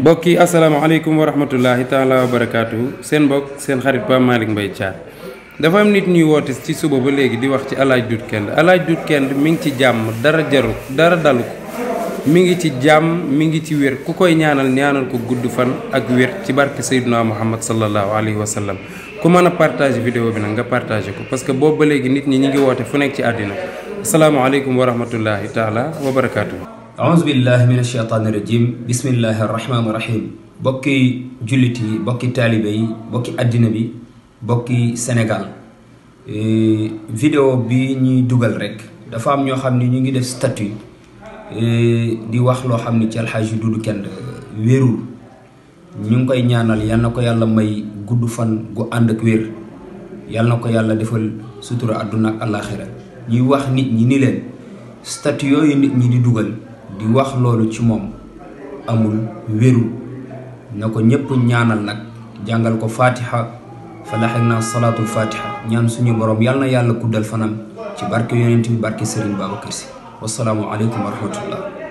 mbokk yi asalaamaaleykum wa rahmatullahi taala wa barakaatu seen mbokk seen xarit Pape Malick Mbaye dafa am nit ñuy woote ci suba ba léegi di wax ci El Hadj kenn Kende El kenn Doudou mi ngi ci jàmm dara jaru dara dalu mi ngi ci jàmm mi ngi ci wér ku koy ñaanal ñaanal ko gudd fan ak wér ci barke Seydina Muhammad sallallahu alayhi wa sallam ku mën a partage vidéo bi nag nga partagé ko parce que boobu ba léegi nit ñi ñu ngi woote fu nekk ci àddina asalaamaaleykum wa rahmatullahi taala wa barakaatu. aousubillah min asheytaani rajim bismillahi arrahmaani rahim bokki jullit yi bokki taalibe yi bokki àddina bi bokki Sénégal e, vidéo bi ñuy dugal rek dafa am ñoo xam ne ñu ngi def statut e, di wax loo xam ne ci alxaaji Dudu Kende wérul ñu ngi koy ñaanal yal na ko yàlla may gudd fan gu ànd ak wér yal na ko yàlla defal sutura àdduna ak àllaaxira ñuy wax nit ñi ni leen statut yooyu nit ñi di dugal di wax loolu ci moom amul wéru na ko ñëpp ñaanal nag jàngal ko fatiha falaxek naa salaatul fatiha ñaan suñu borom yàlla na yàlla kuddal fanam ci barke yonent bi barke Serigne Babacar Sy wasalaamu aleykum wa rahmatullah